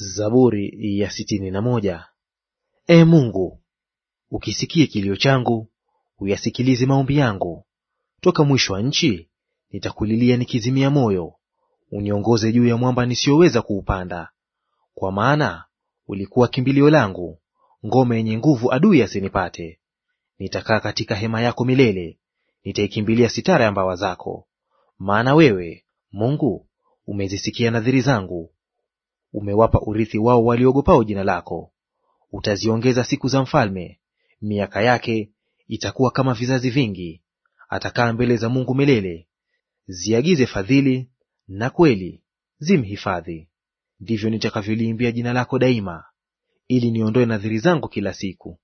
Zaburi ya sitini na moja. E Mungu, ukisikie kilio changu, uyasikilize maombi yangu. Toka mwisho wa nchi nitakulilia nikizimia moyo. Uniongoze juu ya mwamba nisiyoweza kuupanda, kwa maana ulikuwa kimbilio langu, ngome yenye nguvu, adui asinipate. Nitakaa katika hema yako milele, nitaikimbilia sitara ya mbawa zako. Maana wewe Mungu umezisikia nadhiri zangu, umewapa urithi wao waliogopao jina lako. Utaziongeza siku za mfalme, miaka yake itakuwa kama vizazi vingi. Atakaa mbele za Mungu milele. Ziagize fadhili na kweli zimhifadhi. Ndivyo nitakavyoliimbia jina lako daima, ili niondoe nadhiri zangu kila siku.